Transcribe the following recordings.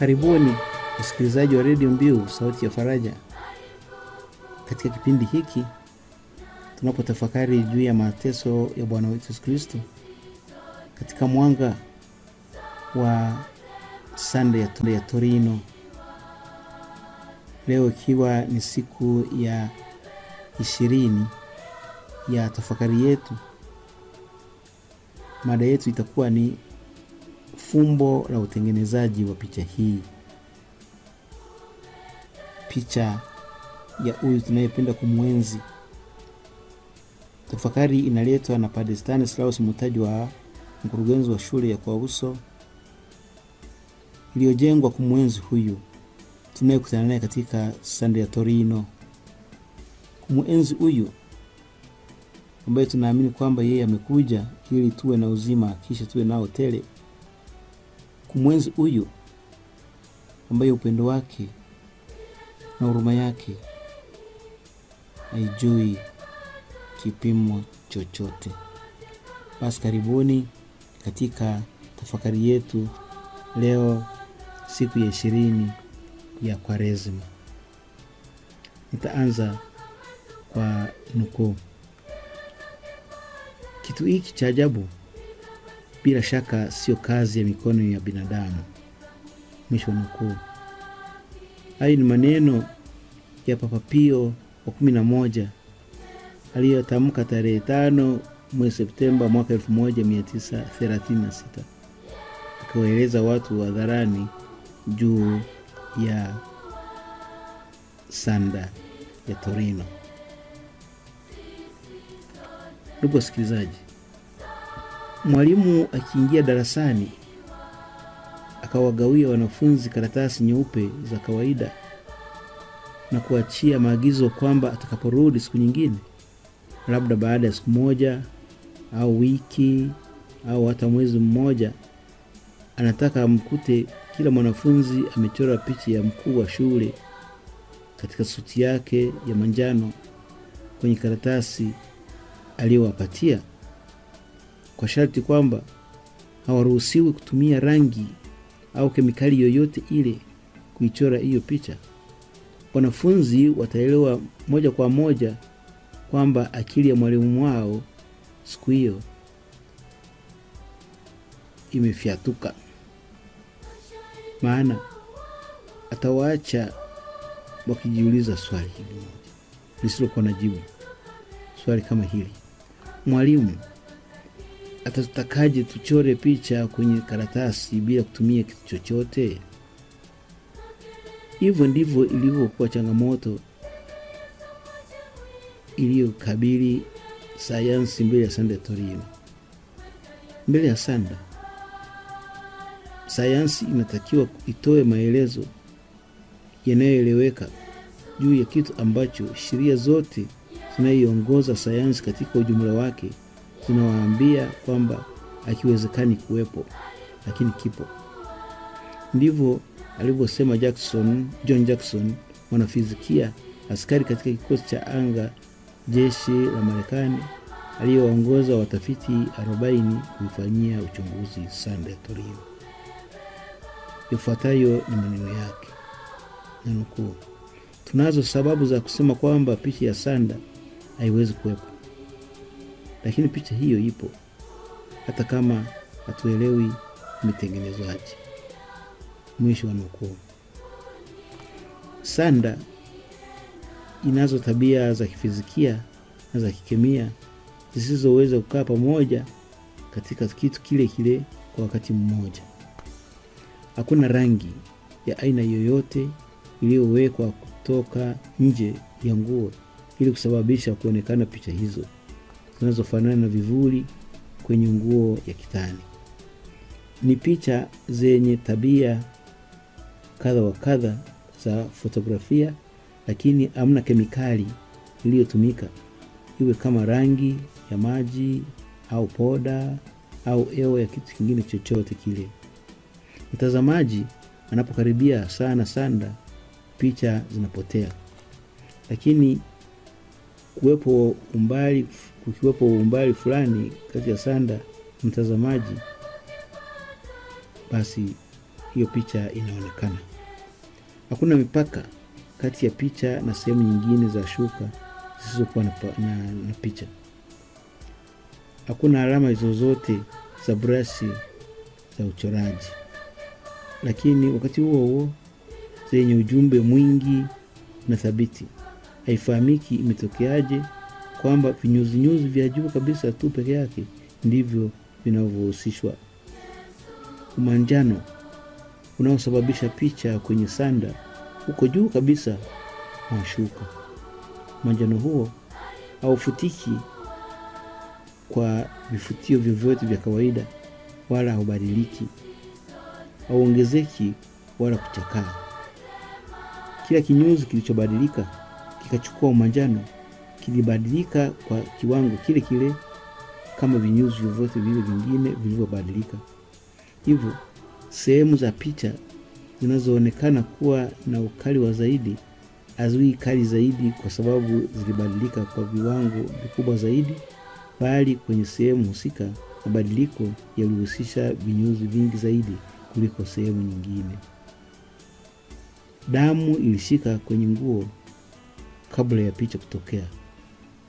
Karibuni msikilizaji wa redio Mbiu sauti ya Faraja, katika kipindi hiki tunapotafakari juu ya mateso ya Bwana wetu Yesu Kristo katika mwanga wa sande ya Torino, leo ikiwa ni siku ya ishirini ya tafakari yetu. Mada yetu itakuwa ni fumbo la utengenezaji wa picha hii, picha ya huyu tunayependa kumwenzi. Tafakari inaletwa na Padre Stanislaus wa mkurugenzi wa shule ya KWAUSO iliyojengwa kumwenzi huyu tunayekutana naye katika sanda ya Torino, kumwenzi huyu ambaye tunaamini kwamba yeye amekuja ili tuwe na uzima, kisha tuwe nao tele kumwenzi huyu ambaye upendo wake na huruma yake haijui kipimo chochote. Basi karibuni katika tafakari yetu leo, siku ya ishirini ya Kwaresima. Nitaanza kwa nukuu: kitu hiki cha ajabu bila shaka sio kazi ya mikono ya binadamu. Mwisho nukuu. Hayo ni maneno ya Papa Pio wa kumi na moja aliyotamka tarehe tano mwezi Septemba mwaka 1936 akiwaeleza watu hadharani juu ya sanda ya Torino. Ndugu wasikilizaji Mwalimu akiingia darasani akawagawia wanafunzi karatasi nyeupe za kawaida na kuachia maagizo kwamba atakaporudi siku nyingine, labda baada ya siku moja au wiki au hata mwezi mmoja, anataka amkute kila mwanafunzi amechora picha ya mkuu wa shule katika suti yake ya manjano kwenye karatasi aliyowapatia kwa sharti kwamba hawaruhusiwi kutumia rangi au kemikali yoyote ile kuichora hiyo picha. Wanafunzi wataelewa moja kwa moja kwamba akili ya mwalimu wao siku hiyo imefyatuka, maana atawaacha wakijiuliza swali hili moja lisilokuwa na jibu. Swali kama hili, mwalimu atatutakaje tuchore picha kwenye karatasi bila kutumia kitu chochote? Hivyo ndivyo ilivyokuwa changamoto iliyokabili sayansi mbele ya Sanda Torino. Mbele ya Sanda, sayansi inatakiwa itoe maelezo yanayoeleweka juu ya kitu ambacho sheria zote zinayoongoza sayansi katika ujumla wake tunawaambia kwamba akiwezekani kuwepo, lakini kipo. Ndivyo alivyosema Jackson, John Jackson, mwanafizikia askari katika kikosi cha anga jeshi la Marekani aliyewaongoza watafiti 40 kuifanyia uchunguzi Santorini. Ifuatayo ni maneno yake, nanukuu: tunazo sababu za kusema kwamba picha ya sanda haiwezi kuwepo lakini picha hiyo ipo, hata kama hatuelewi imetengenezwaje. Mwisho wa nukuu. Sanda inazo tabia za kifizikia na za kikemia zisizoweza kukaa pamoja katika kitu kile kile kwa wakati mmoja. Hakuna rangi ya aina yoyote iliyowekwa kutoka nje ya nguo ili kusababisha kuonekana picha hizo zinazofanana na vivuli kwenye nguo ya kitani. Ni picha zenye tabia kadha wa kadha za fotografia, lakini hamna kemikali iliyotumika, iwe kama rangi ya maji au poda au ewo ya kitu kingine chochote kile. Mtazamaji anapokaribia sana sanda, picha zinapotea, lakini kukiwepo umbali, kukiwepo umbali fulani kati ya sanda mtazamaji, basi hiyo picha inaonekana. Hakuna mipaka kati ya picha na sehemu nyingine za shuka zisizokuwa na, na, na picha. Hakuna alama zozote za brashi za uchoraji, lakini wakati huo huo zenye ujumbe mwingi na thabiti haifahamiki imetokeaje, kwamba vinyuzinyuzi vya juu kabisa tu peke yake ndivyo vinavyohusishwa. Umanjano unaosababisha picha kwenye sanda uko juu kabisa mashuka. Manjano huo haufutiki kwa vifutio vyovyote vya kawaida, wala haubadiliki, hauongezeki wala kuchakaa. Kila kinyuzi kilichobadilika kikachukua umanjano, kilibadilika kwa kiwango kile kile kama vinyuzi vyovyote vile vingine vilivyobadilika. Hivyo sehemu za picha zinazoonekana kuwa na ukali wa zaidi hazui kali zaidi kwa sababu zilibadilika kwa viwango vikubwa zaidi, bali kwenye sehemu husika mabadiliko yalihusisha vinyuzi vingi zaidi kuliko sehemu nyingine. Damu ilishika kwenye nguo kabla ya picha kutokea.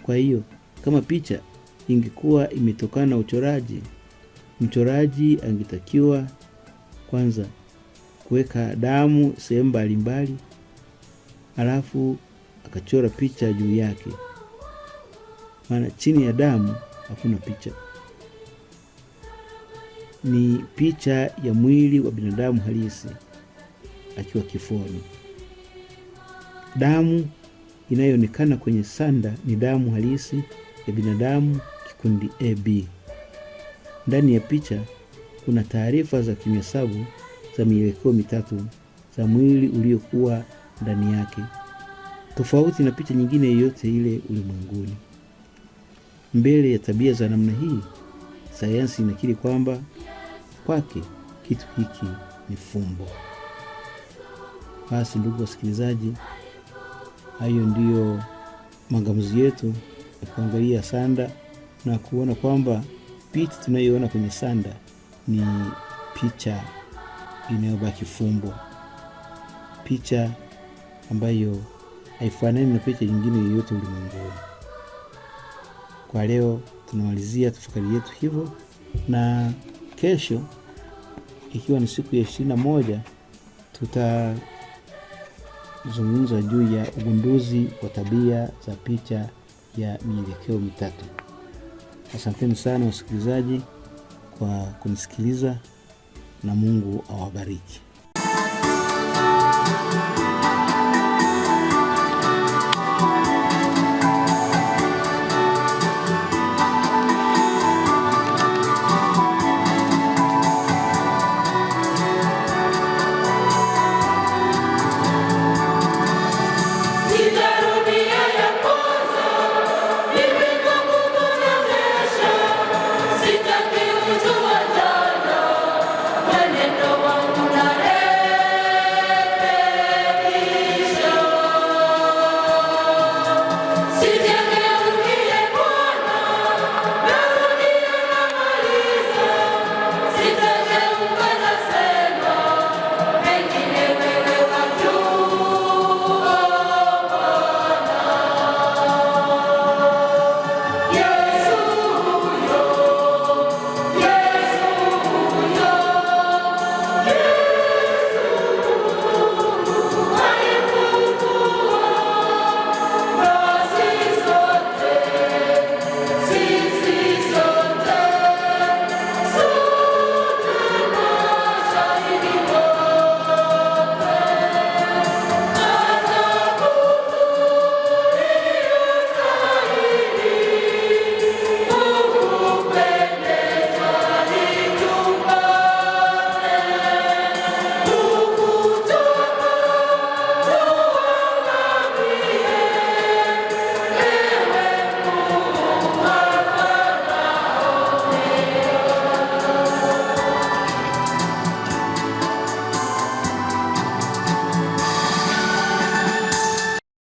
Kwa hiyo kama picha ingekuwa imetokana na uchoraji, mchoraji angetakiwa kwanza kuweka damu sehemu mbalimbali, alafu akachora picha juu yake, maana chini ya damu hakuna picha. Ni picha ya mwili wa binadamu halisi akiwa kifoni. Damu inayoonekana kwenye sanda ni damu halisi ya binadamu kikundi AB. Ndani ya picha kuna taarifa za kimhesabu za mielekeo mitatu za mwili uliokuwa ndani yake, tofauti na picha nyingine yoyote ile ulimwenguni. Mbele ya tabia za namna hii, sayansi inakiri kwamba kwake kitu hiki ni fumbo. Basi ndugu wasikilizaji Hayo ndiyo mangamuzi yetu kuangalia sanda na kuona kwamba picha tunayoona kwenye sanda ni picha inayobaki fumbo, picha ambayo haifanani na picha nyingine yoyote ulimwenguni. Kwa leo tunamalizia tafakari yetu hivyo, na kesho ikiwa ni siku ya ishirini na moja tuta zungumza juu ya ugunduzi wa tabia za picha ya mielekeo mitatu. Asanteni sana wasikilizaji kwa kunisikiliza na Mungu awabariki.